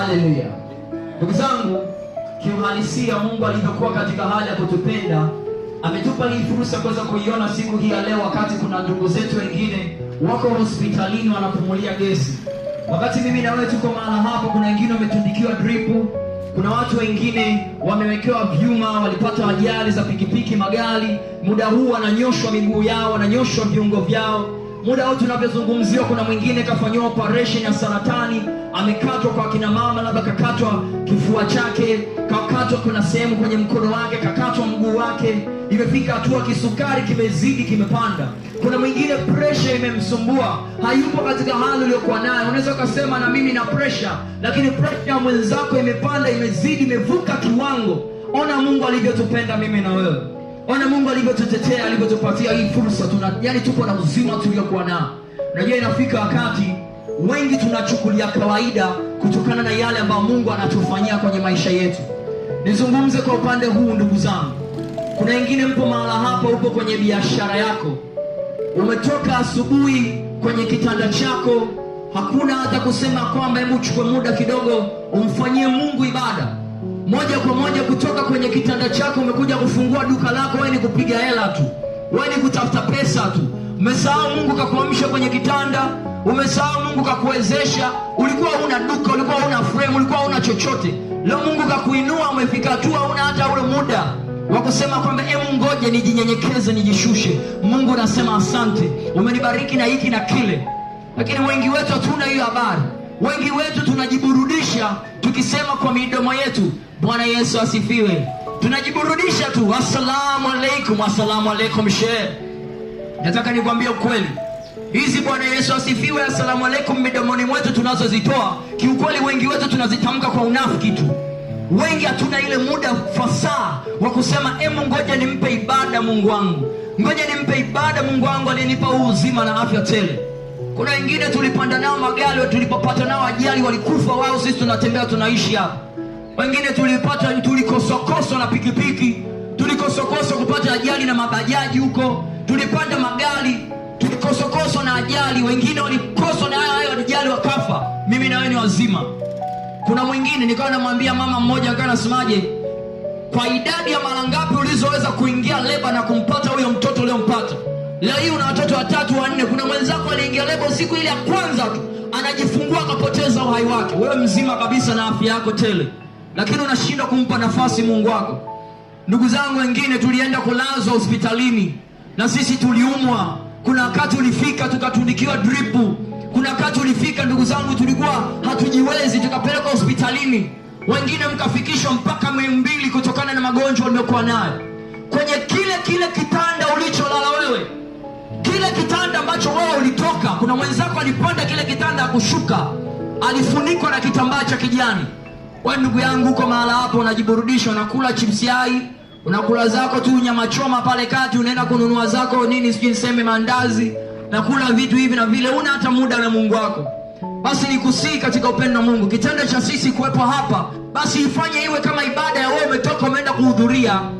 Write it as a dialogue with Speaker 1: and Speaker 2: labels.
Speaker 1: Haleluya. Ndugu zangu, kiuhalisia Mungu alivyokuwa katika hali ya kutupenda, ametupa hii fursa kuweza kuiona siku hii ya leo, wakati kuna ndugu zetu wengine wako hospitalini wanapumulia gesi, wakati mimi na wewe tuko mahala hapo. Kuna wengine wametundikiwa dripu, kuna watu wengine wamewekewa vyuma, walipata ajali za pikipiki, magari, muda huu wananyoshwa miguu yao, wananyoshwa viungo vyao muda wote unavyozungumziwa kuna mwingine kafanyiwa operation ya saratani amekatwa kwa kina mama labda kakatwa kifua chake kakatwa kuna sehemu kwenye mkono wake kakatwa mguu wake imefika hatua kisukari kimezidi kimepanda kuna mwingine presha imemsumbua hayupo katika hali uliyokuwa nayo unaweza ukasema na mimi na presha lakini presha ya mwenzako imepanda imezidi imevuka kiwango ona mungu alivyotupenda mimi na wewe Ona Mungu alivyotutetea, alivyotupatia hii fursa tuna, yani tupo na uzima tuliokuwa nao. Unajua inafika wakati wengi tunachukulia kawaida kutokana na yale ambayo Mungu anatufanyia kwenye maisha yetu. Nizungumze kwa upande huu, ndugu zangu, kuna wengine mpo mahala hapa, upo kwenye biashara yako, umetoka asubuhi kwenye kitanda chako, hakuna hata kusema kwamba hebu chukue muda kidogo umfanyie Mungu ibada moja kwa moja kutoka kwenye kitanda chako. Umekuja kufungua duka lako, wewe ni kupiga hela tu, wewe ni kutafuta pesa tu. Umesahau Mungu kakuamsha kwenye kitanda, umesahau Mungu kakuwezesha. Ulikuwa una duka, ulikuwa una frame, ulikuwa una chochote. Leo Mungu kakuinua, umefika tu, huna hata ule muda wa kusema kwamba hebu ngoje nijinyenyekeze, nijishushe. Mungu nasema asante, umenibariki na hiki na kile, lakini wengi wetu hatuna hiyo habari. Wengi wetu tunajiburudisha tukisema kwa midomo yetu Bwana Yesu asifiwe, tunajiburudisha tu, asalamu alaikum, asalamu alaikum. Shehe, nataka nikwambie ukweli, hizi Bwana Yesu asifiwe, asalamu alaikum midomoni mwetu tunazozitoa, kiukweli wengi wetu tunazitamka kwa unafiki tu. Wengi hatuna ile muda fasaa wa kusema emu, ngoja nimpe ibada Mungu wangu, ngoja nimpe ibada Mungu wangu aliyenipa huu uzima na afya tele. Kuna wengine tulipanda nao magari, tulipopata nao ajali walikufa wao, sisi tunatembea tunaishi hapa. Wengine tulipata tulikosokoso na pikipiki, tulikosokoso kupata ajali na mabajaji huko, tulipanda magari tulikosokoso na ajali, wengine walikoso na hayo hayo ajali wakafa. Mimi na ni wazima. Kuna mwingine nikawa namwambia mama mmoja, akawa nasemaje, kwa idadi ya mara ngapi ulizoweza kuingia leba na kumpata Leo hii una watoto watatu wanne. Kuna mwenzako aliingia lebo siku ile ya kwanza tu anajifungua akapoteza uhai wake. Wewe mzima kabisa na afya yako tele, lakini unashindwa kumpa nafasi Mungu wako. Ndugu zangu, wengine tulienda kulazwa hospitalini na sisi tuliumwa. Kuna wakati ulifika tukatundikiwa dripu. Kuna wakati ulifika, ndugu zangu, tulikuwa hatujiwezi tukapelekwa hospitalini. Wengine mkafikishwa mpaka mia mbili kutokana na magonjwa uliokuwa nayo kwenye kile kile kitanda ulicholala wewe ambacho wewe ulitoka, kuna mwenzako alipanda kile kitanda akushuka, alifunikwa na kitambaa cha kijani. We ndugu yangu, uko mahala hapo unajiburudisha, unakula chipsi hai, unakula zako tu nyama choma pale kati, unaenda kununua zako nini, sijui niseme mandazi, nakula vitu hivi na vile, una hata muda na Mungu wako. Basi nikusii katika upendo wa Mungu, kitanda cha sisi kuwepo hapa, basi ifanye iwe kama ibada ya wewe umetoka umeenda kuhudhuria